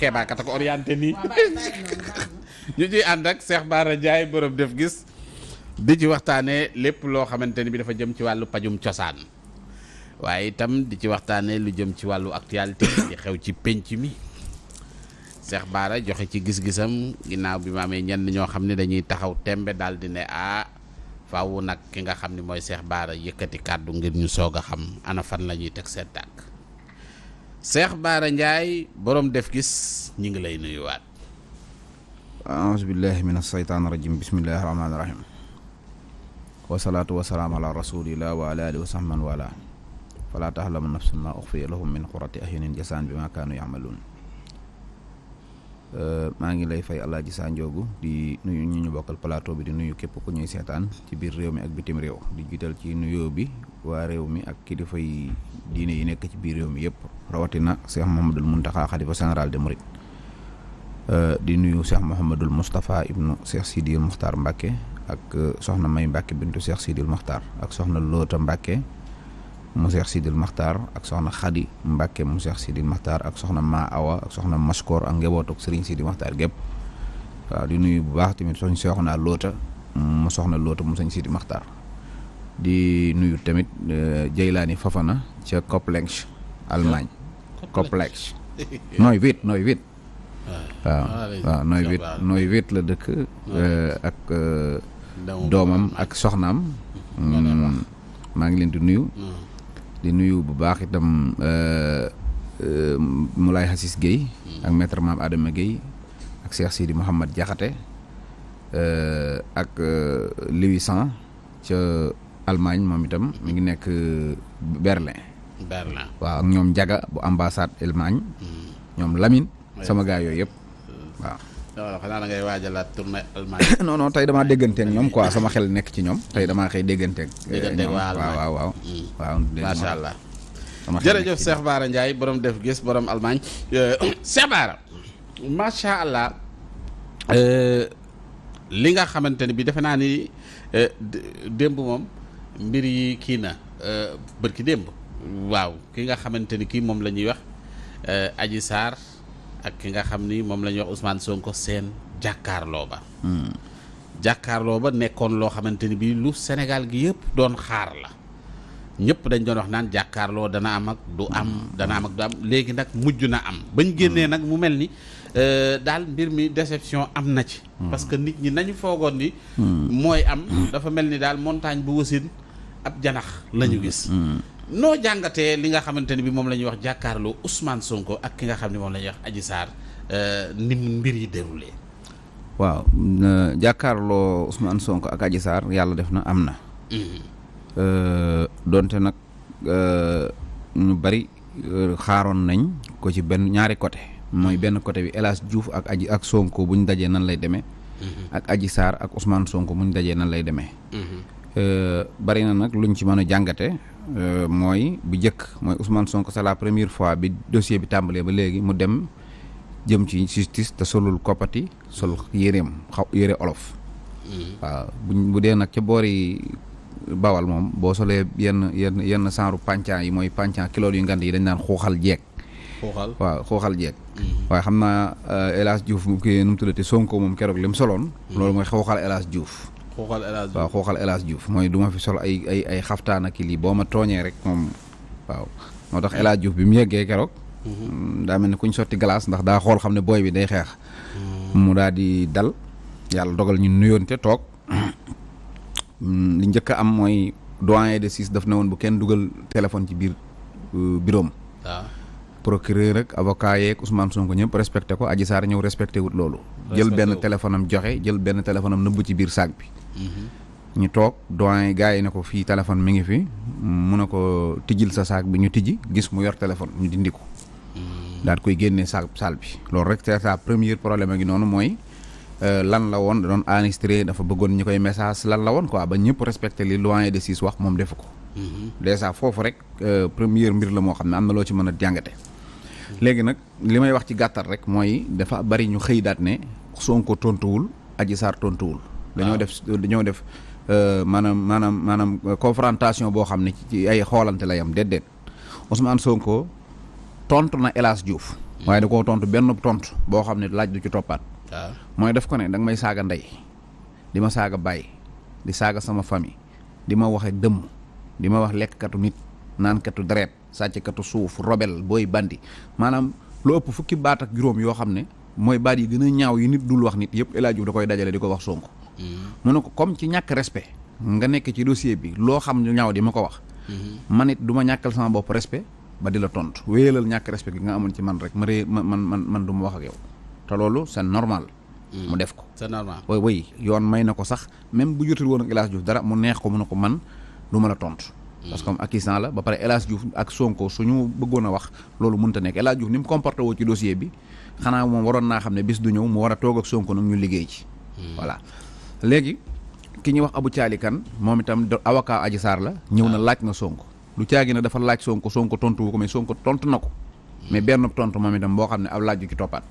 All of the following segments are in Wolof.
Kéba Kata ko orienté nii ñu ciy ànd ak Cheikh Bara Ndiaye borom def gis di ci waxtaanee lépp loo xamante ni bi dafa jëm ci wàllu pajum cosaan waaye itam di ci waxtaanee lu jëm ci wàllu actualité di xew ci penc mi Cheikh Bara joxe ci gis-gisam ginnaaw bi ma amee ñenn ñoo xam ne dañuy taxaw tembe daal di ne ah faaw nag ki nga xam ni mooy Cheikh Bara yëkkati kàddu ngir ñu soog a xam ana fan la ñuy teg seet tàkk Cheikh Baara Ndiaye boroom def gis ñu ngi lay nuyuwaat. aawuzu billahi min asaytaani rajim bismillahi rahmaani rahim. wasalaatu wasalaam ala rasulillah wa ala alihi wa sahman wala. falaa taxlamu nafsun ma uxfiya lahum min qurati ahyunin jasaan bi ma kaanu yamaluun Euh, maa ngi lay fay Alaaji Saa di nuyu ñu ñu bokkal palaato bi di nuyu képp ko ñuy seetaan ci biir réew mi ak bitim réew di jiital ci nuyoo bi waa réew mi ak kilifa yi diine yi nekk ci biir réew mi yëpp rawatina Cheikh Mouhamadul Mountakha xalifa général des Mourides euh, di nuyu Cheikh Mouhamadul Moustapha ibnu Cheikh Sidil Muxtaar Mbacke ak euh, soxna May Mbacke bintu Cheikh Sidil Muxtaar ak soxna Loota Mbacke mu Seex Sidil Maxtaar ak soxna Xadi Mbàkke mu Seex Sidil Maxtaar ak soxna Ma Awa ak soxna Maskoor ak njaboot ak Sëriñ Sidil Maxtaar gépp waaw di nuyu bu baax tamit soñ soxna Loota mm, mu soxna Loota mu sëñ Sidil Maxtaar di nuyu tamit euh, Jeylaani Fafana ca Koplench Allemagne Koplench nooy wit nooy wit ah, la dëkk euh, ak euh, mm, maa ngi leen di nuyu mm. di nuyu bu baax itam euh, euh, Moulay Hassis Guèye ak maître Mame Adama Guèye ak Cheikh Sidi Mouhamad Diakhaté euh, ak Louis ca Allemagne moom itam mu ngi nekk Berlin. Berlin waaw ak ñoom Njaga bu ambassade Allemagne. Mm. ñoom Lamine sama gaay yooyu yëpp waaw. waaw xanaa na ngay waajalaat tournée Allemagne. non non tey damaa dégganteeg ñoom quoi sama xel nekk ci ñoom tey damaa xëy dégganteeg. Eh, dégganteeg waaw waaw waaw. Mm. waaw allah. jërëjëf Cheikh Bara Ndiaye borom def gis borom Allemagne euh, Cheikh Bara macha allah euh, li nga xamante ne bi defe naa ni euh, démb moom mbir yi kii na bërki démb waaw ki nga xamante ni kii moom la ñuy wax aji Sarr. ak ki nga xam ni moom la ñuy wax Ousmane ko seen jàkkaarloo ba. Hmm. jàkkaarloo ba nekkoon loo xamante ni bii lu Sénégal gi yëpp doon xaar la ñëpp dañ doon wax naan jàkkaarloo dana am ak du am hmm. dana am ak du am léegi nag mujj na am. ba bañ génnee hmm. nag mu mel ni euh, daal mbir mi déception am na ci. parce que nit ñi nañu foogoon ni. mooy am dafa mel ni daal montagne bu wasin ab janax lañu gis. noo jàngatee li nga xamante ni bi moom la ñuy wax jàkkaarloo Ousmane Sonko ak ki nga xam ne moom la ñuy wax Adji euh, ni mbir yi déroulé. waaw euh, jàkkaarloo Ousmane Sonko ak Adji Sarr yàlla def na am na. Mm-hmm. Euh, donte nag ñu bari xaaroon nañ ko ci benn ñaari côté. mooy mm-hmm. benn côté bi El Hadj Diouf ak Adji ak Sonko bu ñu dajee nan lay demee. Mm-hmm. ak Adji Sarr ak Ousmane Sonko bu dajee nan lay demee. Euh, bari na nag luñ ci mën a jàngate euh, mooy bu njëkk mooy Ousmane sonk c'est la première fois bi dossier bi tàmbalee ba léegi mu dem jëm ci justice te solul koppati sol yéreem xaw yére olof. Mm-hmm. waaw buñ bu dee nag ca boori bawal moom boo solee yenn yenn yenn saaru pàncaan yi mooy pàncaan kilo yu ngand yi dañ naan xuuxal jeeg. xuuxal waaw xuuxal jeeg. Mm-hmm. waaye xam naa euh, El Hadj Diouf mu kii nu mu tuddati Sonko moom keroog li mu soloon. Mm-hmm. loolu mooy xuuxal El Hadj Diouf. xuuxal El Hadj Diouf waaw xuuxal mooy du fi sol ay ay ay xaftaan ak lii boo ma tooñee rek moom waaw moo tax El Hadj bi mu yeggee keroog. Mm-hmm. daa mel ne kuñ sotti glace ndax daa xool xam ne booy bi day xeex. Mm-hmm. mu daal di dal yàlla dogal ñun nuyoon te toog mm, lu njëkk am mooy doyen de sis daf ne woon bu kenn dugal téléphone ci biir euh, bureau procureur ak avocat yeeg Ousmane Sonko ñëpp respecté ko Adji Sarr ñëw respecté wut loolu. jël benn téléphone am joxe jël benn téléphone am nëbb ci biir saag bi. Mm-hmm. ñu toog doyen gars yi ne ko fii téléphone mi ngi fi mu ne ko tijjil sa saak bi ñu tijji gis mu yor téléphone ñu dindi ko. Mm-hmm. daal koy génne saak saal bi loolu rek c'est ça premier problème gi noonu mooy. Euh, lan la woon da doon enregistré dafa bëggoon ñu koy message lan la woon quoi ba ñëpp respecté li loin de si wax moom defu ko. Mm-hmm. dèjà foofu rek euh, première mbir la moo xam ne am na loo ci mën a jàngate. léegi nag li may wax ci gàttal rek mooy dafa bari ñu xëy daat ne Sonko tontuwul Adji Sarr tontuwul. Ah. dañoo def dañoo def euh, maanaam maanaam maanaam euh, confrontation boo xam ne ci ay xoolante la yam déedéet Ousmane Sonko tontu na El Hadj Diouf. Hmm. waaye da koo tontu benn tontu boo xam ne laaj du ci toppaat. Ah. mooy def ko ne danga may saaga ndey di ma saaga bàyyi di saaga sama famille di ma waxe dëmm di ma wax lekkkatu nit. naankatu deret sàcckatu suuf robel booy bandi maanaam lu ëpp fukki baat ak juróom yoo xam ne mooy baat yi gën a ñaaw yi nit dul wax nit yëpp El Hadj da koy dajale di ko wax Sonko mm-hmm. mu ne ko comme ci ñàkk respect nga nekk ci dossier bi loo xam lu ñaaw di ma ko wax mm-hmm. man it du ñàkkal sama bopp respect ba di la tontu wéyalal ñàkk respect gi nga amoon ci man rek ma man man man du ma wax ak yow te loolu c'est normal mm-hmm. mu def ko c'est normal way yoon may na ko sax même bu jotul woon ak El dara mu neex ko mu ne ko man du ma la tontu parce que comme acquisant la ba pare El Hadj Diouf ak Sonko suñu bëggoon a wax loolu mun mënta nekk El Hadj ni mu comporté woo ci dossier bi xanaa moom waroon naa xam ne bis du ñëw mu war a toog ak Sonko nag ñu liggéey hmm. voilà léegi ki ñuy wax Abou Thiali Kane moom itam avocat Adji Sarr la. ñëw na ah. laaj na sonk lu caagi na dafa laaj sonk sonk tontu wu ko mais Sonko tontu na ko. Hmm. mais benn tontu moom itam boo xam ne ab laaj yu ci toppaat.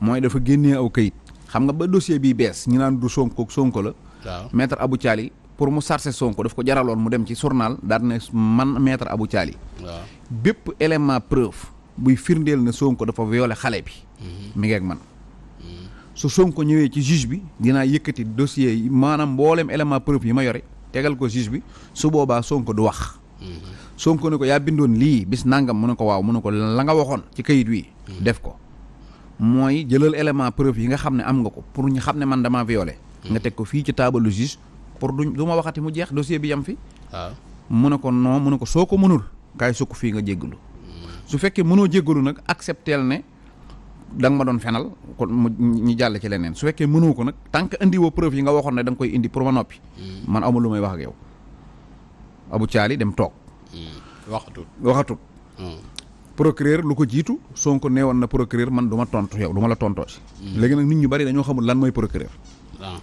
mooy dafa génnee aw kayit xam nga ba dossier bi bees ñu naan du Sonko sonk la. waaw maître Abou Thiali pour mu sarse Sonko daf ko jaraloon mu dem ci journal daal ne man maître Abou Thiali bépp élément preuve buy firndeel na Sonko dafa violé xale bi mhm. mi ngi man mhm. su Sonko ñëwee ci juge bi dinaa yëkkati dossier maanaam mbooleem élément preuve yi ma yore tegal ko juge bi su boobaa Sonko du wax mhm. Sonko ne ko yaa bindoon lii bis nangam mu ne ko waaw mu ne ko la nga waxoon ci kayit wi def ko mooy jëlal élément preuve yi nga xam ne am nga ko pour ñu xam ne man dama violé nga ko fii ci taabalu juge pour du du ma waxati mu jeex dossier bi yam fi. Ah. mu ne ko non mu ne ko soo ko mënul kaay sukk fii nga jéggalu. Hmm. su fekkee mënoo jéggalu nag accepteel ne danga ma doon fenal kon mu ñu jàll ci leneen su fekkee mënoo ko nag tant que indi yi nga waxoon ne da nga koy indi noppi. Hmm. man amul lu may ak yow. Abu dem toog. Hmm. waxatut waxatut. procureur lu ko jiitu Sonko nee woon na procureur man du ma tontu yow du ma la tontoo si. léegi nag nit ñu bari dañoo xamul lan mooy procureur. Ah.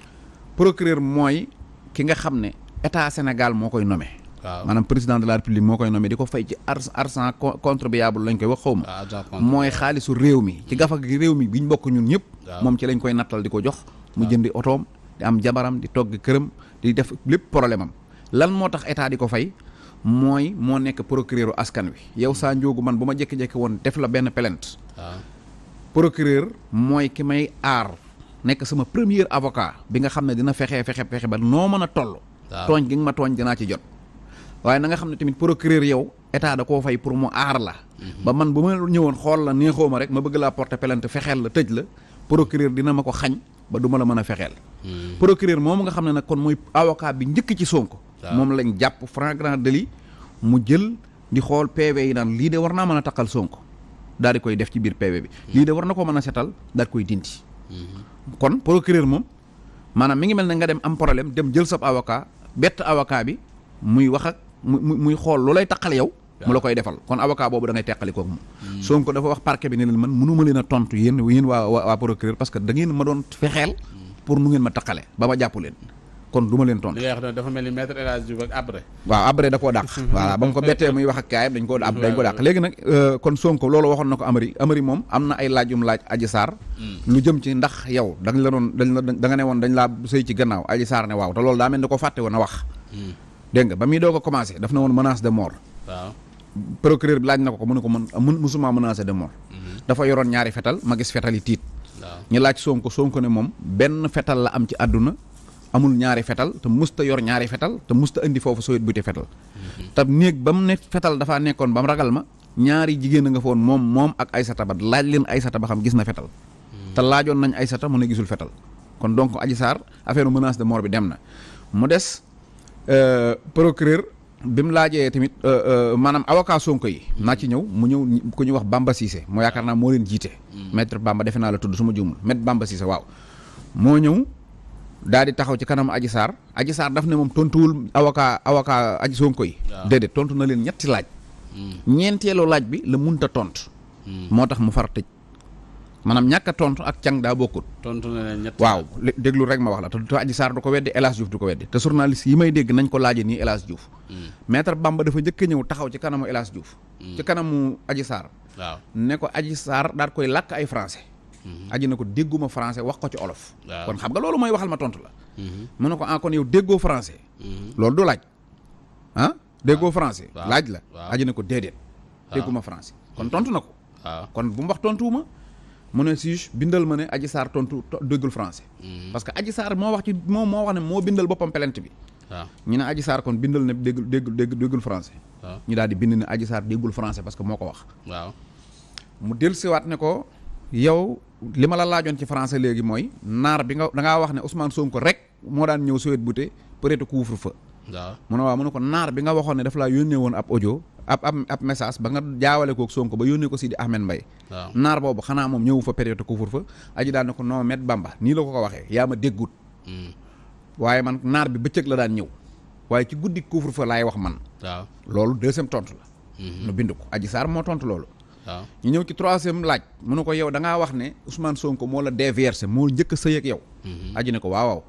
procureur mooy. ki nga xam ne état Sénégal moo koy nome waaw maanaam président de la république moo koy nommé di ko fay ci ar argent contribuable lañ koy wax xaw ma. Ah, mooy xaalisu réew mi. ci gafa gi réew mi bi ñu bokk ñun ñëpp. moom ci lañ koy nattal di ko jox. mu jëndi otoom di am jabaram di togg këram di def lépp problème am lan moo tax état di ko fay. mooy moo nekk procureur askan wi yow saa njóogu man bu ma jékki-jékki woon def la benn plainte. procureur mooy ki may aar nekk sama premier avocat bi nga xam ne dina fexe fexe fexe ba noo mën a toll. tooñ gi nga ma tooñ dinaa ci jot. waaye nanga xam ne tamit procureur yow état da ko fay pour mu aar la. Mhm. ba man bu ma ñëwoon xool la neexoo ma rek ma bëgg laa porter plainte fexeel la tëj la procureur dina ma ko xañ ba du ma la mën a fexeel. Mhm. procureur moom nga xam ne nag kon mooy avocat bi njëkk ci Sonko. moom lañ jàpp flagrant deli mu jël di xool PV yi naan lii de war naa mën a taqal Sonko daal di koy def ci biir PV bi. Mhm. lii de war na ko mën a setal daal di koy dindi. kon procureur moom maanaam mi ngi mel ne nga dem am problème dem jël sab avocat bett avocat bi muy wax ak mu muy xool lu lay taqal yow. mu la koy defal kon avocat boobu da ngay teqali kooku moom. Hmm. Sonko dafa wax parquet bi ne leen man mënuma leen a tontu yéen yéen waa waa procureur parce que da ngeen ma doon fexeel. Hmm. pour nu ngeen ma taqale ba ma jàpp leen. kon duma ma leen tontu. dafa mel ni maître El Hadj waaw Abré da koo dàq. voilà ba mu ko bettee muy wax ak kaayam dañ dañ ko dàq léegi nag euh, kon Sonko loolu waxoon na ko Amari Amari moom am na ay laajum laaj Adji Sarr. lu hmm. jëm ci ndax yow dañ la doon dañ la da nga ne woon dañ laa sëy ci gannaaw Adji Sarr ne waaw te loolu daa mel ni ko fàtte woon a wax. Hmm. dégg ba muy doo ko commencé daf na woon menace de mort. waaw procureur bi laaj na ko ko mu ne ko mën mën musuma menacé de mort. Hmm. dafa yoroon ñaari fetal ma gis fetal yi tiit. waaw ñu laaj Sonko Sonko ne moom benn fetal la am ci àdduna amul ñaari fetal te musta yor ñaari fetal te musta indi foofu sooyit buy te fetal te néeg ba mu ne fetal dafaa nekkoon ba mu ragal ma ñaari jigéen a nga fa woon moom moom ak Aysata ba laaj leen ay sata ba xam gis na fetal hmm. te laajoon nañ Aysata mu ne gisul fetal kon donc Adji Sarr affaire menace de mort bi dem na mu des euh, procureur bi mu laajee tamit euh, euh, maanaam avocat Sonko yi hmm. naa ci ñëw mu ñëw ku ñu wax Bamba Cissé moo yaakaar naa moo leen jiite hmm. maître Bamba defe naa la tudd su ma juumul maître Bamba waaw moo ñëw daal di taxaw ci kanam Adji Sarr Adji Sarr daf ne moom tontuwul avocat avocat Adji Sonko yi tontu na leen ñetti laaj hmm. ñeenteelu laaj bi la munta tontu hmm. moo tax mu far tëj maanaam ñàkk a tontu ak càng daa bokkut tontu na waaw déglu rek ma wax la te Adji Sarr du ko weddi El Hadj Diouf du ko weddi te journaliste yi may dégg nañ ko laaje nii El Hadj Diouf hmm. maître Bamba dafa njëkk ñëw taxaw ci kanamu El Hadj Diouf ci kanamu Adji waaw ne ko Adji Sarr daal koy làkk ay francais Mm-hmm. aji na ko dégguma français wax ko ci olof kon xam nga loolu mooy waxal ma tontu la mm-hmm. mu ne ko ah kon yow déggoo français mm-hmm. loolu du laaj ah déggoo français laaj la aji na ko déedéet dégguma français kon tontu na ko kon bu mu wax tontuwuma mu ne juge bindal ma ne aji saar tontu déggul français parce que aji saar moo wax ci moom moo wax ne moo bindal boppam plainte bi waaw ñu ne aji saar kon bindal ne déggul déggul déggul français ñu daal di bind ne aji saar déggul français parce que moo ko wax waaw mu dellusiwaat ne ko yow li ma la laajoon ci français léegi mooy naar bi nga da ngaa wax ne Ousmane Sonko rek moo daan ñëw Sowét Bouté peut-être couvre fa waaw mu ne mu ne ko naar bi nga waxoon ne daf laa yónnee woon ab audio ab ab message ba nga jaawale kook Sonko ba yónnee ko di Ahmed mbay naar boobu xanaa moom ñëwu fa période couvre fa aji daan ne ko non met Bamba nii la ko ko waxee yaa ma déggut. Hmm. waaye man naar bi bëccëg la daan ñëw waaye ci guddi couvre fa laay wax man. loolu deuxième tontu hmm. nu bind ko aji saar moo tontu loolu. ñu ñëw ci troisième laaj mu ne ko yow da wax ne Ousmane Sonko moo la déversé moo njëkk a sëy ak yow mm-hmm. aji ne ko waaw waaw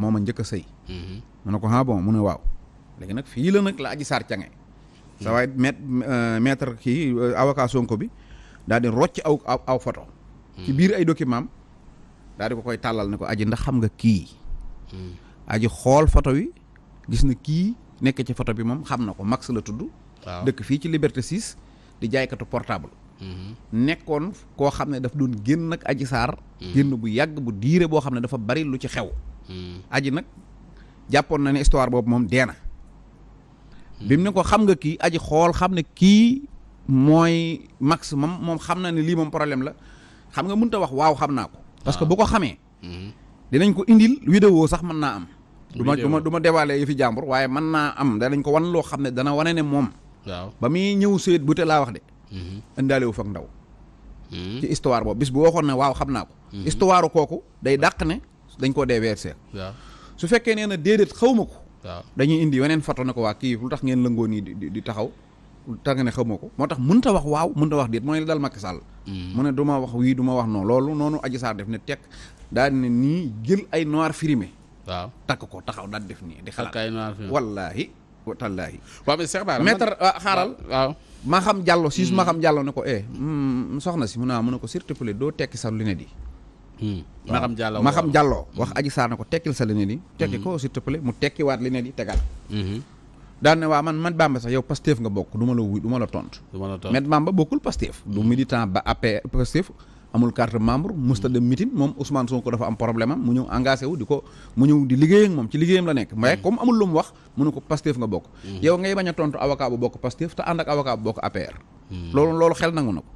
moo ma njëkk a sëy mm-hmm. mu ne ko ah bon mu ne waaw léegi nag fii la nag la aji saar cange mm-hmm. sa waay maître euh, maître kii euh, avocat Sonko bi daal di rocc aw aw photo ci biir ay document am daal ko koy tàllal ne ko aji ndax xam nga kii aji xool photo yi gis na kii nekk ci photo bi moom xam na ko Max la tudd dëkk fii ci Liberté 6 di jaaykatu portable. Mhm. nekkoon koo xam ne daf doon génn nag aji saar. Mhm. génn bu yàgg bu diire boo xam ne dafa bari lu ci xew. Mhm. aji nag jàppoon na ne histoire boobu moom dee na. bi mu ne ko xam nga kii aji xool xam ne kii mooy maximum moom xam na ne lii moom problème la xam nga mun ta wax waaw xam naa ko. parce que ah. bu ko xamee. dinañ ko indil vidéo sax mën naa am. du ma du ma déwaale yi fi jàmbur waaye mën naa am danañ ko wan loo xam ne dana wane ne moom. waaw ba muy ñëw bu te laa wax de. Mhm. indaale wu ndaw. Mhm. ci histoire boobu bis bu waxoon ne waaw xam naa ko. Mhm. histoire kooku day dàq ne dañ koo dee verser. waaw su fekkee nee na déedéet xaw ma ko. waaw dañuy indi weneen photo ne ko waa kii lu tax ngeen lëngoo nii di di taxaw. tanga nga ne xamoo ko moo tax mënut a wax waaw mënut a wax déet mooy dal Macky Sall. mu ne du ma wax wii du ma wax non loolu noonu Adji Sarr def ne tekk daal ne nii jël ay noir firime waaw takk ko taxaw daal def nii di xalaat. takk ay noir filmé wallaay. Ah, xaaral ma xam jàllo si su hmm. ma xam jàllo ne ko eh. Hmm, soxna si mu ne ah, mu ne ko s'il te plaît doo tekki sa lunette yi. ma xam jàllo ma xam jàllo wax aji saar ne ko tekkil sa lunette yi. Hmm. tekki ko s'il te mu tekkiwaat lunette yi tegal. daan waa man man Bamba sax yow Pastef nga bokk du la wuy du ma la tontu. du ma la tontu Maître Bamba bokkul Pastef. du militant ba AP Pastef. amul carte membre musta dem meeting moom Ousmane ko dafa am problème mu ñëw engagé wu di ko mu ñëw di liggéey ak moom ci liggéeyam la nekk mais mm. comme amul lu mu wax mu ne ko Pastef nga bokk mm. yow ngay bañ a tontu avocat bu bokk Pastef te ànd ak avocat bu bokk APR mm. loolu loolu xel nangu na ko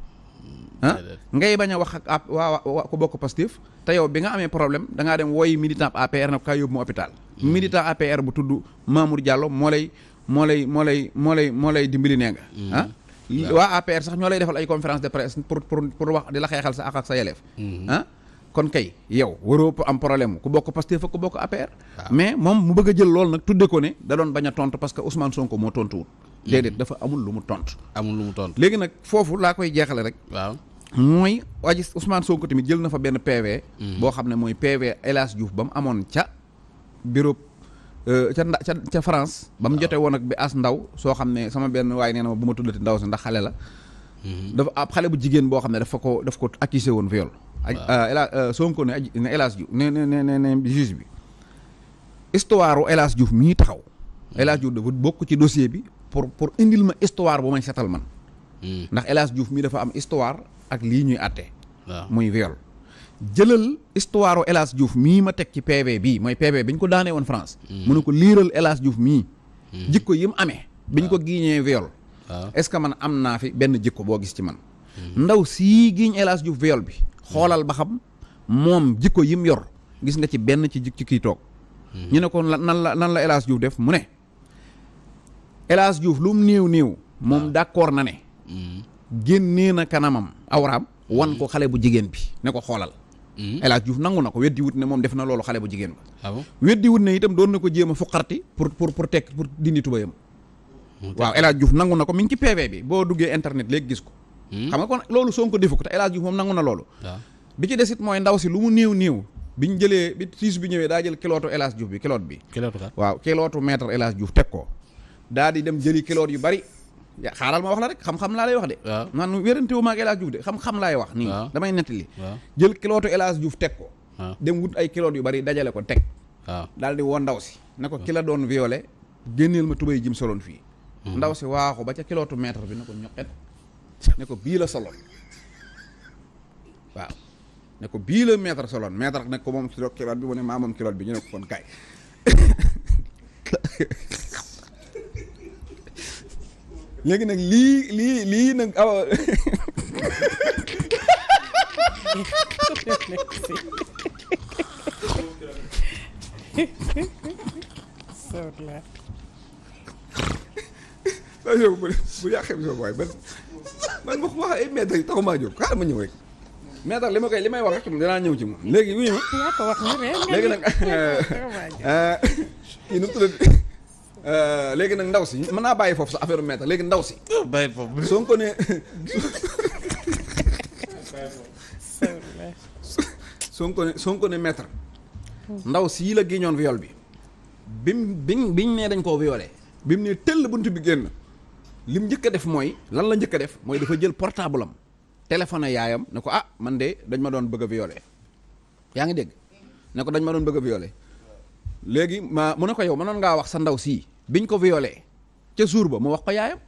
ah ngay bañ a wax ak waa waa ku bokk Pastef te yow bi nga amee problème dangaa ngaa dem wooyi militant APR na ko kaay yóbbu mu hôpital militant APR bu tudd Mamour Diallo moo lay moo lay moo lay moo lay moo lay dimbali nee waa APR sax ñoo lay defal ay conférence de presse pour pour pour wax di la xeexal sa àq ak sa yelleef mhm. ah? kon kay yow waroo am problème ku bokk Pastef ak ku bokk APR mais moom mu bëgg a jël loolu nag tudde ko ne da doon bañ a tont parce que Ousmane Sonko moo tontuwul mhm. déedéet dafa amul lu mu tont amul lu mu tontu léegi nag foofu laa koy jeexale rek waaw mooy waji Ousmane Sonko tamit jël na fa benn PV mhm. boo xam ne mooy PV El Hadj ba mu amoon ca bureau Euh, ca nda ca ca France ba mu jotee woon ak bi as ndaw soo xam ne sama benn waaye nee na ma bu ma tuddati ndaw si ndax xale la mhm. dafa ab xale bu jigéen boo xam ne dafa ko daf ko accusé woon viol a euh, euh, Sonko ne ne El Hadj ne ne ne ne juge bi histoire u El Hadj Diouf mi taxaw mhm. El Hadj Diouf dafa bokk ci dossier bi pour pour indil ma histoire bu may setal man mhm. ndax El Hadj mii dafa am histoire ak lii ñuy àtte muy viol jëlal histoire u El mii ma teg ci PV bii mooy PV bi ñu ko daanee woon France. Hmm. mu ne ko liiral El jouf Diouf mii. Hmm. jikko yi mu amee. biñ ko ah. giiñee viol. Ah. est-ce que man am naa fi benn jikko boo gis ci man. Hmm. ndaw sii giiñ El Hadj Diouf bi. xoolal ba xam moom jikko yi mu yor gis nga ci benn ci ci kii toog. ñu ne ko nan la nan la El Hadj def mu ne. El jouf Diouf lu mu néew néew. moom ah. d'accord na ne. génnee na kanamam awraam. wan ko xale bu jigéen bi ne ko xoolal. Hmm? El Hadj Diouf nangu na ko weddi wut ne moom def na loolu xale bu jigéen ba ah weddi wut ne itam doon na ko jéem a fuqarti pour pour pour tekk pour dindi tubayam waaw El Hadj nangu na ko mi ngi ci PV bi boo duggee internet léegi gis ko hmm? xam nga kon loolu Sonko defu ko te El Hadj moom nangu na loolu ah. bi ci desit mooy ndaw si lu mu néew niiw bi ñu jëlee bi tiis bi ñëwee daa jël kilootu El Hadj Diouf bi kiloot bi waaw kilootu maître El Hadj Diouf teg ko daa di dem jëli kiloot yu bari xaaral ma wax la rek xam-xam laa lay wax de. waaw man wérantewu ma ak El Hadj de xam-xam laay wax. nii damay nettali. waaw jël kilootu El Hadj Diouf teg ko. dem wut ay kiloot yu bari dajale ko teg. waaw daal di woo ndaw si. ne ko ki doon violé génneel ma tubay jim soloon fii. Hmm. ndaw si waaxu ba ca kilootu mètre bi ne ko ne ko bii la soloon waaw ne ko bii la mètre soloon mètre nag ko moom kilo kiloot bi mu ne maa moom kiloot bi ñu ne ko kon kaay. léegi nag lii lii lii nag ah, awa. waaw yow bu bu yàqee bi waay man man wax wax ay eh, maître yi taxu maa jóg xaaral ma ñëw rek maître li ma koy li may wax rek dinaa ñëw ci moom léegi wuyu ma. yaa ko wax léegi nag eh, eh, kii nu mu tuddati Euh, léegi nag ndaw si mën naa bàyyi foofu sa affaire u léegi ndaw si. bàyyi foofu soo ko nee. Sonko ne Sonko ne maître ndaw sii la géñoon viol bi mu biñ biñ nee dañ koo violé bi mu ne tëll bunt bi génn lim njëkk a def mooy lan la njëkk a def mooy dafa jël portable am téléphone yaayam ne ko ah man de dañ ma doon bëgg a violé yaa ngi dégg ne ko dañ ma doon bëgg a violé léegi ma mu ne ko yow mënoon ngaa wax sa ndaw sii biñ ko violé ca jour ba mu wax ko yaayam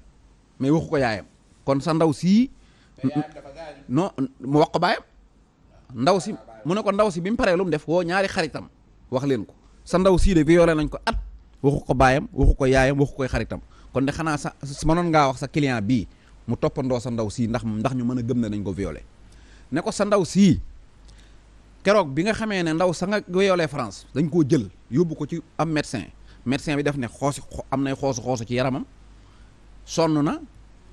mais waxu ko yaayam kon sa ndaw sii non mu wax ko baayam ndaw si mu ne ko ndaw si bi mu paree lum def woo ñaari xaritam wax leen ko sa ndaw sii de violé nañ ko at waxu baayam waxu ko yaayam waxu koy xaritam kon de xanaa sa mënoon ngaa wax sa client bii mu toppandoo sa ndaw sii ndax ndax ñu mën a gëm ne nañ ko violé ne ko sa ndaw sii keroog bi nga xamee ne ndaw sa nga violé France dañ koo jël yóbbu ko ci am médecin médecin bi def ne xoosi am nay xoosu xoosu ci yaramam sonn na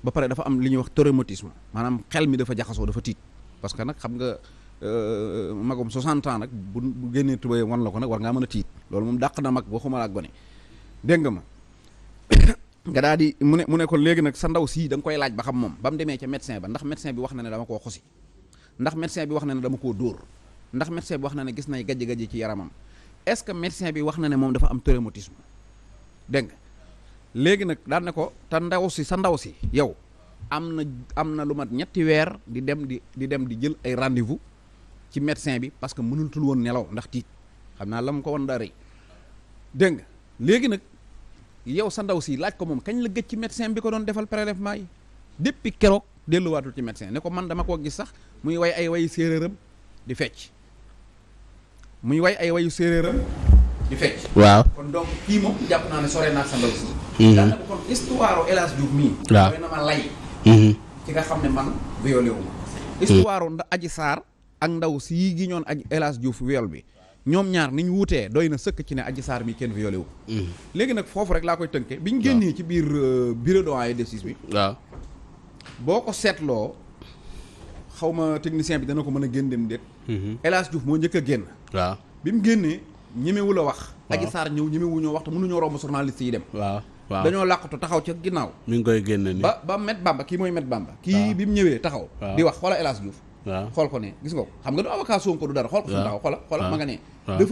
ba pare dafa am li ñuy wax traumatisme maanaam xel mi dafa jaxasoo dafa tiit parce que nag xam nga euh, magum 60 ans nag bu bu génnee tubayam wan la ko nag war ngaa mën a tiit loolu moom dàq na mag waxuma laa gone dégg nga ma nga daal di mu ne mu ne ko léegi nag sa ndaw sii da koy laaj ba xam moom ba mu demee ca médecin ba ndax médecin bi wax na ne dama koo xosi ndax médecin bi wax na ne koo dóor ndax médecin bi wax na ne gis nay gajj-gajj ci yaramam est-ce que médecin bi wax na ne moom dafa am traumatisme dégg nga léegi nag daal na ko te ndaw si sa ndaw si yow am na am na lu mat ñetti weer di dem di di dem di jël ay rendez ci médecin bi parce que mënultul woon nelaw ndax tiit xam naa la mu ko wan daa rëy dégg nga léegi nag yow sa ndaw si laaj ko moom kañ la gëj ci médecin bi ko doon defal prélèvement yi depuis keroog delluwaatul ci médecin ne ko man dama koo gis sax muy way ay wayu séeréeram di fecc muy way ay wayu séeréeram di fecc waaw kon donc kii moom jàpp naa ne sore naa sa ndaw si mhm. daanaka kon histoire o El mii mhm. nga xam ne man violé wu mhm. ak ndaw si yi ak El Hadj Diouf viol bi ñoom ñaar ni ñu wutee doy na sëkk ci ne Adji Sarr mi kenn violé wu léegi nag foofu laa koy tënke bi ñu génnee ci biir euh, bureau doyen de bi waaw boo ko seetloo xaw ma technicien bi dana ko mën a génn dem moo njëkk a génn waaw bi mu génnee ñemewul a wax. Adji Sarr ñëw ñemewu ñoo wax te mënuñoo romb journaliste yi dem. waaw waaw dañoo làqatu taxaw ca ginnaaw. mi ngi koy génne nii ba ba met Bamba kii mooy met Bamba. kii bi mu wax xoola El Hadj ko ne gis nga ko xam nga du avocat ko hmm. mu génnee hmm. ah,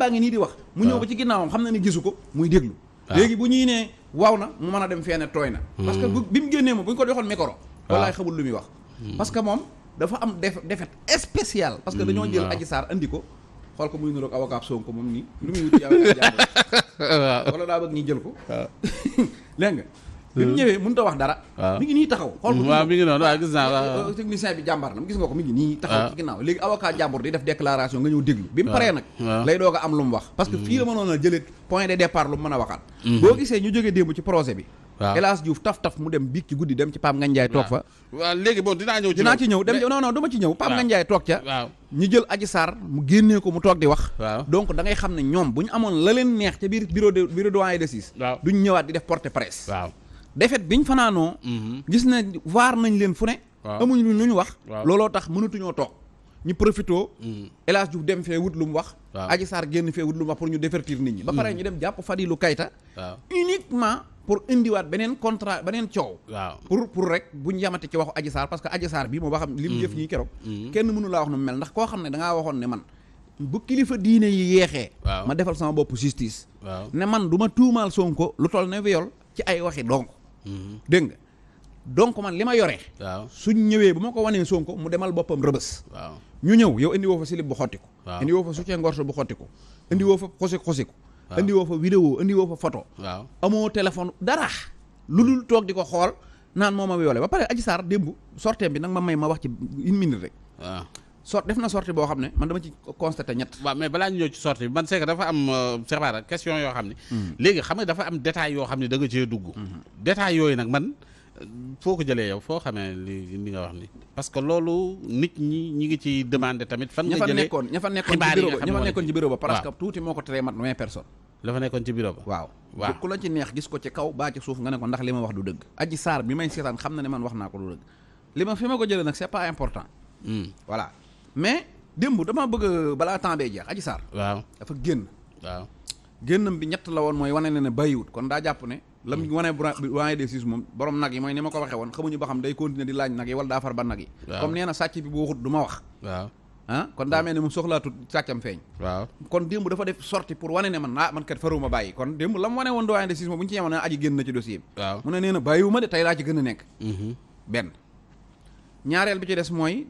ah. ngi nii di wax mu ñëw ba ah. ci ginnaawam xam na ne gisu ko muy déglu léegi bu ñuy ne waaw na mu mën a dem feene tooy na hmm. parce que bi mu génnee moom bu ñu ko joxoon micro ah. wallaay xamul lu muy wax hmm. parce que moom dafa am def défaite spéciale parce que dañoo jël hmm, Adji saar andi ko xool ko muy niroog avocat Sonko moom nii lu muy wuti wala daa bëgg ñuy jël ko ah. léegi nga bi mu ñëwee mënut a wax dara waaw mi ngi nii taxaw xool waaw mi ngi euh, na ko mi ngi nii taxaw ci ginnaaw léegi avocat jàmbur di def déclaration nga ñëw déglu bi mu paree nag lay doog a am lu mu wax parce que mm. fii la mënoon a jëlee point de départ lu mu mën a waxaat mm-hmm. boo gisee ñu jógee démb ci projet bi waaw El Hadj Diouf taf taf mu dem biig ci guddi dem ci Pape Ngandiaye toog fa waaw léegi bon dinaa ñëw ci dinaa ci ñëw dem non duma ci ñëw Pape Ngandiaye toog ca ñu jël Adji Sarr mu génnee ko mu toog di wax donc da ngay xam ne ñoom bu ñu amoon la leen neex ca biir bureau de bureau doyen de sis duñ defet biñ fanaanoo mhm. gis na waar nañ leen fu ne amuñ lu ñu wax looloo tax mënatuñoo toog ñu profitoo mhm. El Hadj Diouf dem fee wut lu mu wax Adji Sarr génn fee wut lu mu wax pour ñu divertir nit ñi ba pare mhm. ñu dem jàpp Fadilou Keïta uniquement pour indiwaat beneen contrat beneen coow waaw pour pour rek buñ yamate ci waxu Adji Sarr parce que Adji Sarr bi moo ba xam li mu jëf ñii keroog kenn mënu laa wax nu mel ndax koo xam ne dangaa waxoon ne man bu kilifa diine yi yeexee ma defal sama bopp justice ne man du ma tuumaal Sonko lu toll ne viol ci ay waxi donc dégg nga donc man li ma yore waaw suñ ñëwee bu ma ko wanee Sonko mu demal boppam rëbës ñu ñëw yow indi woo fa silib bu xottiku indi woo fa succee ngorso bu xottiku indiwoo woo fa xosik xosiku indi woo fa vidéo indi fa photo amoo téléphone dara lu dul toog di ko xool naan moo ma yoole ba pare Adji Sarr démb sorteem bi nag ma may ma wax ci une minute rek sort def na sorti boo xam ne man ma ci constaté ñett. waaw mais balaa ñu ñëw ci sortie bi man c'est que dafa am Cheikh question yoo xam ne. Hmm. léegi xam nga dafa am détail yoo xam ne da nga cee dugg. Hmm. détail yooyu nag man foo ko jëlee yow foo xamee li li wax ni parce que loolu nit ñi ñi ngi ci demandé tamit. fan nga ña fa nekkoon ña fa ci bureau ba parce que tuuti moo ko la fa nekkoon ci bureau ba. neex gis ko ci kaw baa ci suuf nga ne ko ndax li ma wax du dëgg. aji saar bi may seetaan xam na ne man wax naa ko du dëgg li ma fi ma ko jëlee nag c'est pas important. Hmm. voilà mais démb damaa bëgg balaa temps bee jeex Adji Sarr. waaw dafa génn. waaw génnam bi ñett la woon mooy wane ne ne bàyyiwut kon daa jàpp ne. la mu hmm. wane waaye de siis moom borom nag yi mooy ni ma ko waxee woon xamuñu ba xam day continuer di laaj nag yi wala daa far ba nag yi. comme nee na sàcc du ma wax. waaw ah daa mel ne mu soxlaatut sàccam feeñ. waaw kon démb dafa def sorti pour wane ne man ah man kat faruma bàyyi kon démb la wane woon du waaye de siis moom bu ñu ci yemoon aji génn na ci dossier bi. waaw mu ne nee na bàyyiwuma de tey laa ci gën nekk. Mm-hmm. benn ñaareel bi ci des mooy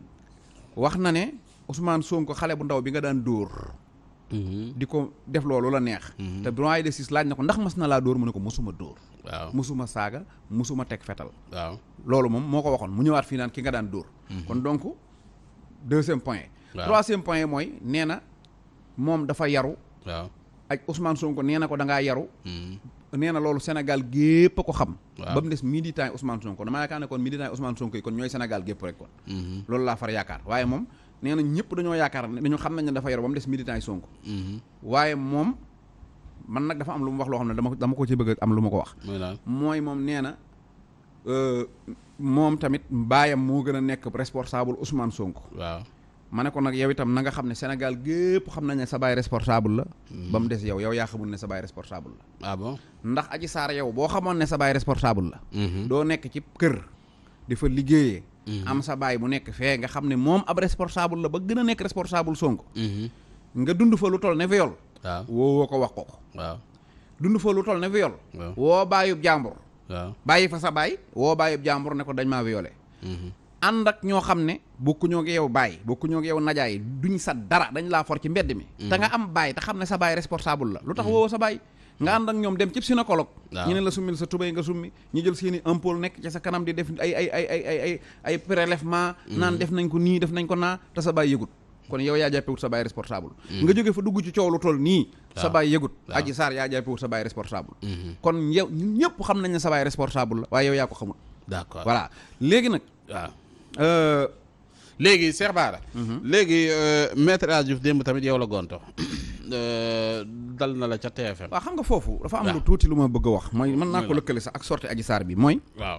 wax na ne Ousmane Sonko xale bu ndaw bi nga daan dóor. Mhm. di ko def loolu la neex. Mhm. te doyen de sis laaj na ko ndax mas na laa dóor mu ne ko mosuma dóor. waaw mosuma saaga mosuma teg fetal. loolu moom moo ko waxoon mu ñëwaat fii naan ki nga daan dóor. Mhm. kon donc deuxième point. waaw troisième mooy nee na moom dafa yaru. ak Ousmane Sonko nee na ko da ngaa yaru. nee na loolu Sénégal gépp a ko xam ba mu des militant yi Ousmane Sonko dama yaakaar ne kon militant yi Ousmane Sonko yi kon ñooy Sénégal gépp rek kon mhm. loolu laa far yaakaar waaye moom nee na ñëpp dañoo yaakaar ne dañu xam nañ ne dafa yor ba mu des militant yi mhm. waaye moom man nag dafa am lu mu wax loo xam ne dama ko dama ko ci bëgg am lu ma ko wax mooy moom nee na euh, moom tamit mbaayam moo gën a nekk responsable Ousmane sonk waaw ma ne ko nag yow itam na nga xam ne Sénégal gépp xam nañ ne sa baay responsable la. Hmm. ba mu des yow yow yaa xamul ne sa baay responsable la. Ah bon ndax aji saar yow boo xamoon ne sa baay responsable la. Hmm. doo nekk ci kër di fa liggéeyee. Hmm. am sa baay bu nekk fee nga xam ne moom ab responsable la ba gën a nekk responsable Sonko. nga dund fa lu toll ne viol. waaw ah. woo ko wax ko ko. waaw ah. dund fa lu toll ne viol. woo baayub jàmbur. bàyyi fa sa baay. woo baayub jàmbur ne ko dañ maa violé. ànd ak ñoo xam ne bokkuñoo ak yow baay bokkuñoo ak yow najaay duñ sa dara dañ laa for ci mbedd mi mm-hmm. te nga am bàyyi te xam ne sa baay responsable la lu tax mm-hmm. woowoo sa baay nga mm-hmm. ànd ak ñoom dem ci gynécologue ñu ne la summil sa tubéy nga summi ñu jël seeni ampoule nekk ci sa kanam di def ay ay naan def nañ ko nii def nañ ko naa te sa baay kon yow yaa jàppewut sa baay responsable nga jóge fa dugg ci coow lu toll nii sa baay yëgut aji saar yaa sa baay responsable kon yow ñëpp xam nañ ne sa baay responsable la waaye yow yaa ko xamul d'accord voilà léegi nag waaw Euh, léegi Cheikh Bara mhm. léegi euh, maître El Hadj Diouf démb tamit yow la gonto euh, dal na la ca TFM waaw xam nga foofu dafa am lu tuuti lu ma bëgg a wax mooy mën naa ko lëkkale sax ak sorti Adji bi mooy waaw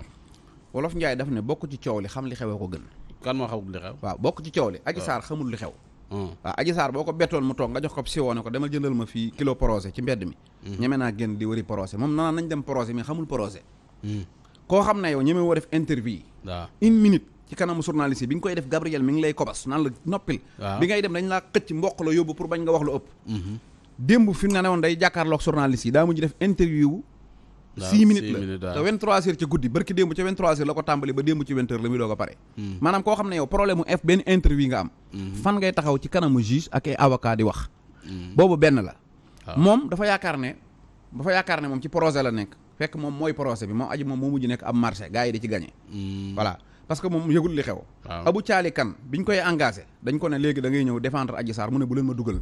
wolof Njaay daf ne bokk ci coow li xam li xew a ko gën kan moo xamul li xew waaw bokk ci coow li Adji Sarr xamul li xew hmm. waaw Adji boo ko bettoon mu toog nga jox ko siwoo ne ko demal jëndal ma fii kilo porosé ci mbedd mi hmm. ñeme naa génn di wëri porosé moom naa nañ dem projet mii xamul porosé hmm. koo xam ne yow ñeme woo def interview waaw une minute ci kanamu journaliste yi bi nga koy def Gabriel mi ngi lay kobas naan la noppil bi ngay dem dañ laa xëcc mboq la yóbbu pour bañ nga wax lu ëpp mhm. démb fi mu ne woon day jàkkaarloog journaliste yi daa mujj def interview six minutes la te vingt trois heures guddi barki démb ca vingt trois heures la ko tàmbali ba démb ci vingt heures la muy doog a pare hmm. maanaam koo xam ne yow problème mu f benn interview nga am hmm. fan ngay taxaw ci kanamu juge ak ay avocat di wax hmm. boobu benn la moom dafa yaakaar ne dafa yaakaar ne moom ci projet la nekk fekk moom mooy projet bi moom aji moom moo nekk am marché gars yi di ci gagné voilà parce que moom yëgul li xew Abou Thiali Kane biñ koy engagé dañ ko ne léegi dangay ngay ñëw défendre Adji Sarr mu ne bu leen ma dugal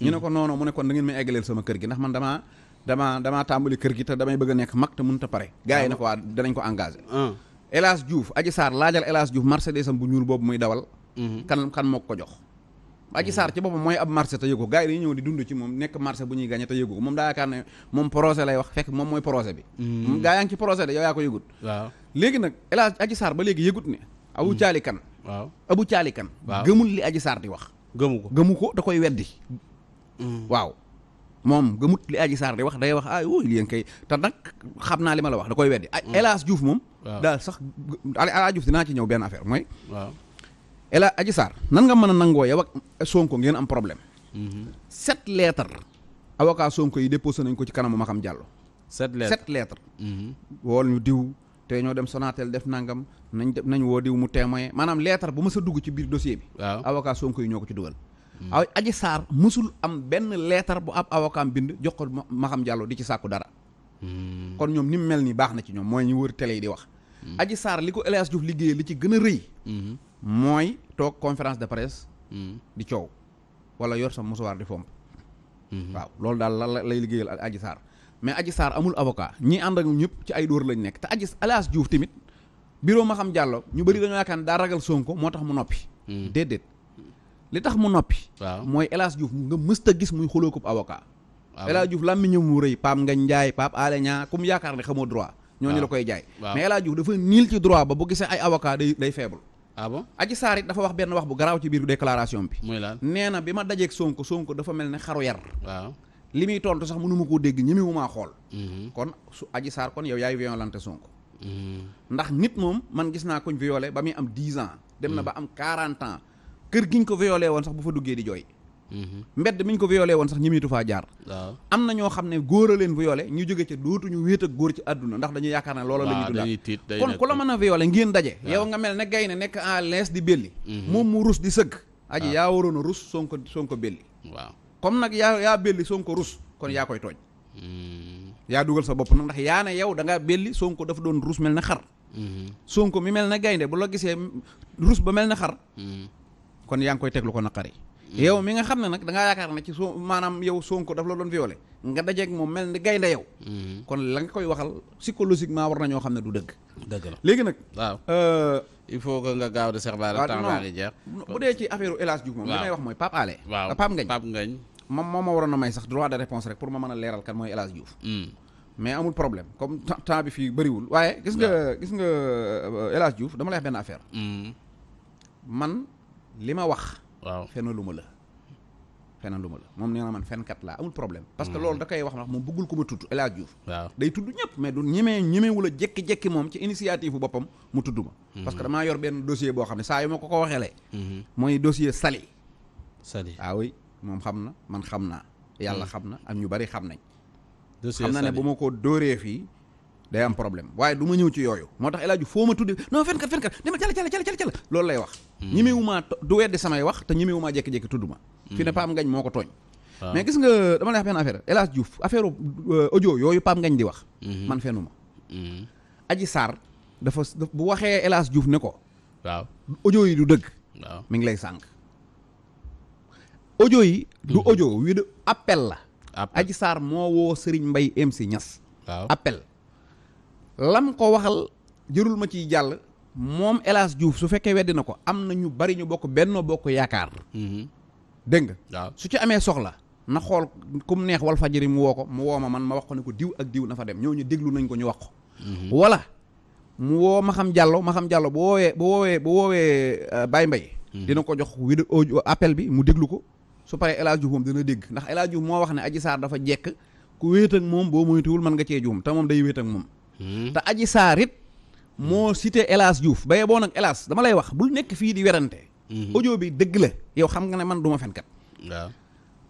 ñu ne ko hmm. noono mu ne kon da ngeen may eggaleel sama kër gi ndax man damaa damaa damaa tàmbali kër gi te damay bëgg a nekk mag te mënut a pare gars yi ne ko waa danañ ko engagé hmm. Elas Diouf Adji Sarr laajal Elas Diouf Mercedes am bu ñuul boobu muy dawal hmm. kan kan moo ko jox Adji Sarr ci boppam mooy ab marché te yëgu gars yi dañuy ñëw di dund ci moom nekk marché bu ñuy gagné te yëgu moom daa yaakaar ne moom projet lay wax fekk moom mooy projet bi mm. moom gars yaa ngi ci projet de yaa ko yëgut léegi nag El Hadj Adji ba léegi yëgut ne abu caali mm. kan waaw abu caali kan gëmul li Adji di wax gëmu ko gëmu ko da koy weddi mm. waaw moom gëmut li Adji Sarr di wax day wax ah wóoy li kay te nag xam naa li ma la wax da koy weddi El Hadj Diouf moom daal sax El Hadj Diouf dinaa ci ñëw benn affaire mooy waaw El Adji Sarr nan nga mën a nangoo yow ak Sonko ngeen am problème. Mhm. set lettres. avocat Sonko yi déposé nañ ko ci kanamu Maham Diallo. sept lettres sept lettres. Mhm. wool ñu diw te ñoo dem Sonatel def nangam nañ def nañ woo diw mu témoin maanaam lettre bu ma sa dugg ci biir dossier bi. waaw Sonko yi ñoo ko ci dugal. waaw mhm. Adji Sarr mësul am benn lettre bu ab avocat bind jox ko Maham Diallo di ci sàkku dara. kon ñoom ni mu mel nii baax na ci ñoom mooy ñu wër télé yi di wax. Adji Sarr li ko El Hadj Diouf li ci gën a rëy. mooy toog conférence de presse. Hmm. di coow wala yor sa musuwaar di fomp. Hmm. waaw loolu daal la lay liggéeyal ak Adji Sarr mais Adji Sarr amul avocat ñi ànd ak ñëpp ci ay dóor lañ nekk te Adji Alias Diouf tamit biroom ma xam jàlloo ñu bëri dañoo yaakaar daa ragal Sonko moo tax mu noppi. Hmm. déedéet li tax mu noppi. waaw mooy Alias Diouf nga mësta gis muy xuloo ko avocat. waaw ah El Hadj Diouf làmmiñam mu rëy Pape nga Ndiaye Pape Alé Niang yaakaar ne xamoo droit. waaw ñooñu la koy jaay. mais El Hadj Diouf dafa niil ba bu gisee ay avocat day faible. ah bon Adji Sarr dafa wax benn wax bu garaaw ci biir déclaration bi. muy lan nee na bi ma dajeek Sonko Sonko dafa mel ne xaru yar. waaw li muy tontu sax mënuma koo dégg ñemewu maa xool. Mm-hmm. kon su Adji Sarr kon yow yaay violente Sonko. Mm-hmm. ndax nit moom man gis naa koñ violé ba muy am 10 ans. dem na mm. ba am 40 ans kër giñ ko violé woon sax bu fa duggee di jooy. Mm-hmm. mbedd mi ñu ko violé woon sax ñemeetu faa jaar am na ñoo xam ne góor a leen violé ñu jóge ca dootuñu wéet ak góor ci àdduna ndax dañuy yaakaar na loola la ñuy dund kon ku la mën a violé ngeen daje yow nga mel ne gay ne nekk à l'aise di belli mm-hmm. moom mu rus di sëgg aji yaa waroon a rus sonko sonko belli waaw comme nag yaa yaa belli sonko rus kon yaa koy tooñ mm-hmm. yaa dugal sa bopp nag ndax yaa ne yow da ngaa belli sonko dafa doon rus mel ne xar sonko mi mel ne gaynde bu la gisee rus ba mel ne xar kon yaa ngi koy teg lu ko naqari yow mi nga xam ne nag da yaakaar na ci soo maanaam yow sonk daf la doon violé nga dajeek moom mel ni gaynde yow mm-hmm. kon la nga koy waxal psychologiquement war na ñoo xam ne du dëgg dëgg léegi nag waaw euh, il faut que nga gaaw di seex baara temps baa ngi jeex bu dee ci affaire u El Hadj Diouf moom li may wax mooy Pape Alé waaw Pape Ngagne Pape Ngagne moom moo ma waroon a may sax droit de réponse rek pour ma mën a leeral kan mooy El Hadj Diouf mm. mais amul problème comme temps bi fii bëriwul waaye gis nga gis nga euh, El Hadj dama lay affaire mm. man ma wax waaw fenaluma la fenaluma la moom nee na man fenkat laa amul problème parce que mm. loolu da koy wax ndax moom bëggul ko ma tudd El day tudd ñëpp mais du ñemee ñemewul a jekki-jekki moom ci initiative bu boppam mu tudd ma mm-hmm. parce que damaa yor benn dossier boo xam ne saa yu ma ko ko waxeele mm-hmm. mooy dossier Sali Sali ah oui moom xam na man xam naa yàlla mm. xam na ak ñu bari xam nañ xam na ne bu ma ko dóoree fii day am problème waaye du ma ñëw ci yooyu moo tax El Hadj foo ma tudde non fenkat fenkat demal cala cala cala cala loolu lay wax hmm. ñemewumaa du weddi samay wax te ñemewumaa jékki-jékki tudd ma hmm. fi ne Pape Ngagne moo ko tooñ ah. mais gis nga dama lay wax benn affaire El Hadj Diouf affaire euh, yooyu Pape Ngagne di wax hmm. man fenu aji Adji Sarr dafa bu waxee El Hadj ne ko waaw yi du dëgg ngi lay sànq audio yi du audio wi du appel la Aji Sarr moo woo Serigne Mbaye MC Niass lam ko waxal jërul ma ciy jàll moom El Hadj su fekkee weddi na ko am na ñu bari ñu bokk Benno Bokk Yaakaar mhm. dégg nga waaw su ci amee soxla na xool kum neex wal fajiri mu woo ko mu woo ma man ma wax ko ne ko diw ak diw na fa dem ñu déglu nañ ko ñu wax ko mhm. wala mu woo ma xam jàllo ma xam jàllo bu woowee bu woowee bu woowee euh, Baye Mbaye mhm. dina ko jox vidéo appel bi mu déglu ko su paree El Hadj Diouf moom dina dégg ndax El Hadj moo wax ne Adji Sarr dafa jekk ku wéet moom boo moytuwul mën nga cee juum te moom day wéet moom Hmm. te aji saar it moo hmm. cité El Hadj Diouf ba yeboo nag El dama lay wax bul nekk fii di werante hmm. audio bi dëgg la yow xam nga ne man du ma fenkat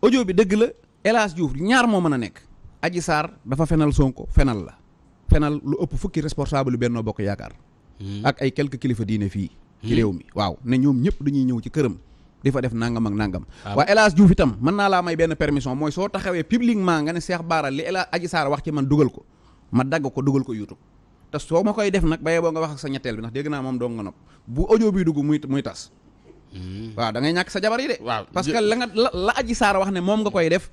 waaw bi dëgg la El Hadj Diouf ñaar moo mën a nekk aji saar dafa fenal Sonko fenal la fenal lu ëpp fukki responsable Benno Bokk Yaakaar ak ay quelques kilifa diine fii ci réew mi waaw ne ñoom ñëpp dañuy ñëw ci këram di fa def nangam ak nangam waa El Hadj Diouf itam mën naa laa may benn permission mooy soo taxawee publiquement nga ne Cheikh Bara li El Hadj wax ci man dugal ko ma dagg ko dugal ko YouTube te soo ma koy def nag baye boo nga wax ak sa ñetteel bi ndax dégg naa moom doo nga nopp bu audio bi dugg muy muy tas hmm. waaw da ngay ñàkk sa jabar yi de waaw parce que la nga la aji saar wax ne moom nga koy def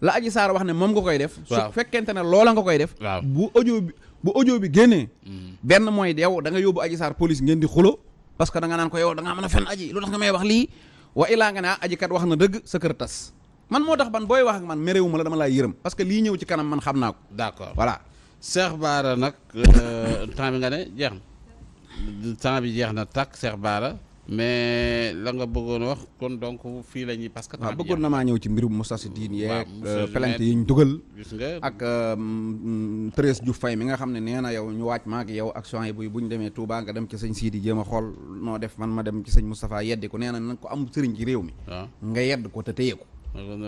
la aji saar wax ne moom nga koy def su fekkente ne loola nga koy def bu bu audio bi génnee hmm. benn mooy yow da nga yóbbu aji saar police ngeen di xulo parce que da nga naan ko yow da ngaa a fen aji lu wax lii wa ilaa nga ne ah wax na dëgg sa kër tas man moo tax ban booy wax ak man méréwu ma la dama laa yërëm parce que lii ñëw ci kanam man xam naa ko d'accord voilà Cheikh Bara nag euh, temps bi nga ne jeex na temps bi jeex na tàkk Cheikh Bara mais la nga bëggoon wax kon donc fii la ñuy parce que. waaw bëggoon na maa ñëw ci mbirum Moustarchidine yeeg euh, plainte yi ñu dugal. gis ak euh, mm, Thérèse Diouf Faye mi nga xam ne nee na yow ñu waaj ma ak yow ak soxna buy bu ñu demee Touba nga dem ci sëñ Sidi jéem a xool noo def man ma dem ci sëñ Moustapha yeddi ko nee na nañ ko am sëriñ ci réew mi. Ah. nga yedd ko te téye ko.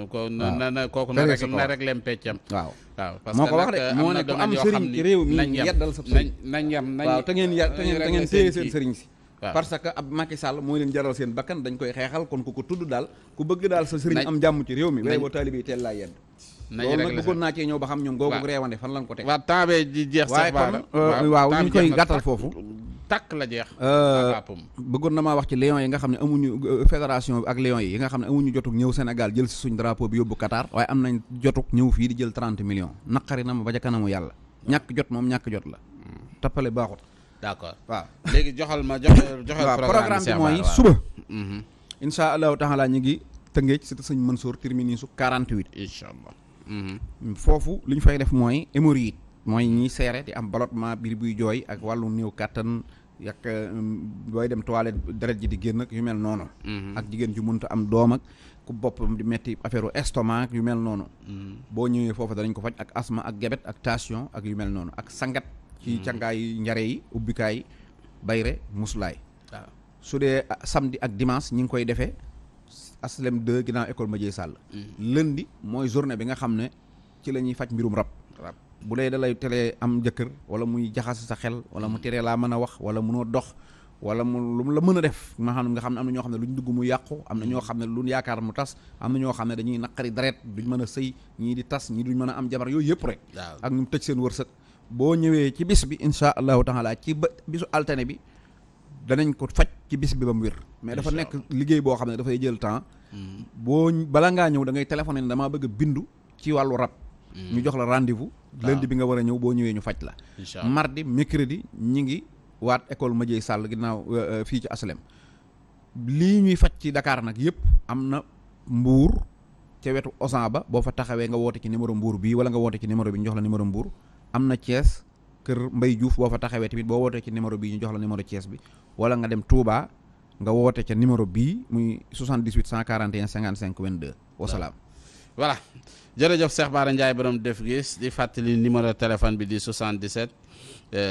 ko ah. na na kooku na na rek lem peccam waaw waaw parce que moo ko wax de moo ne ku am sëriñ ci réew mi yeddal sa sëriñ seen sëriñ si parce que ab Macky Sall moo leen jaral seen bakkan dañ koy xeexal kon ku ko tudd daal ku bëgg daal sa sëriñ am jàmm ci réew mi waaye boo teel laa yedd nañu rek la bëggoon naa cee ñëw ba xam ñoom googu reewande fan lañ ko teg waaw temps bee ji jeex sax euh, waaw ñu koy gàttal foofu takk la jeex. Euh, bëggoon na maa wax ci Lions yi nga xam ne amuñu euh, fédération ak Lions yi nga xam ne amuñu jotug ñëw Sénégal jël si suñ drapeau bi yóbbu Qatar. waaye am nañ jotug ñëw fii di jël trente million naqari na ma ba ca kanamu yàlla. ñàkk jot moom ñàkk jot la. Hmm. tappale baaxut. d'accord waaw léegi joxal ma jox joxal programme bi mooy suba. Hmm. incha allahu taala ñu ngi tëngéej ci sëñ Mansour termini su 48. incha allah. Hmm. foofu li ñu fay def mooy hémorroïde mooy ñiy seere di am ballottement biir buy jooy ak wàllu néew kàttan yak um, booy dem toilette deret ji di génn yu mel noonu mm-hmm. ak jigéen ju mënta am doom ak ku bopp di metti affaire estomac yu mel noonu mm-hmm. boo ñëwee foofa danañ ko faj ak asthme ak gebet ak tension ak yu mel noonu ak sangat ci mm-hmm. cangaay njare yi ubbikaay bayre muslaay su dee samedi ak dimanche ñi ngi koy defee aslem 2 ginnaaw école Madieye Sall lundi mooy journée bi nga xam ne ci la ñuy faj mbirum rab bu dee da lay teree am jëkkër wala muy jaxas sa xel wala mu teree laa mën a wax wala mënoo dox wala mu lu mu la mën a def ma nga xam ne am na ñoo xam ne lu ñu dugg mu yàqu am na ñoo xam ne lu ñu yaakaar mu tas am na ñoo xam ne dañuy naqari deret duñ mën a sëy ñii di tas ñii duñ mën a am jabar yooyu yëpp rek ak ñu tëj seen wërsëg boo ñëwee ci bis bi insha allahu taala ci ba bisu altane bi danañ ko faj ci bis bi ba mu wér mais dafa nekk liggéey boo xam ne dafay jël temps hmm. boo bala ngaa ñëw da ngay téléphoné damaa bëgg a bindu ci wàllu rab Mm. ñu jox la rendez-vous lundi bi nga war a ñëw boo ñëwee ñu faj la mardi mercredi ñi ngi waat école Madieye sàll ginnaaw euh, euh, fii ci aslem lii ñuy faj ci Dakar nag yëpp am na mbuur ca wetu osan ba boo fa taxawee nga woote ci numéro mbuur bii wala nga woote ci numéro bi ñu la numéro mbuur am na Thiès kër Mbaye taxawee tamit boo wootee ci numéro bii ñu jox la numéro Thiès bi wala nga dem Touba nga woote ca numéro bii muy 78 141 55 22 wasalaam voilà jërëjëf Cheikh Bara Ndiaye borom def gis di fàttali numéro téléphone bi di 77. Euh,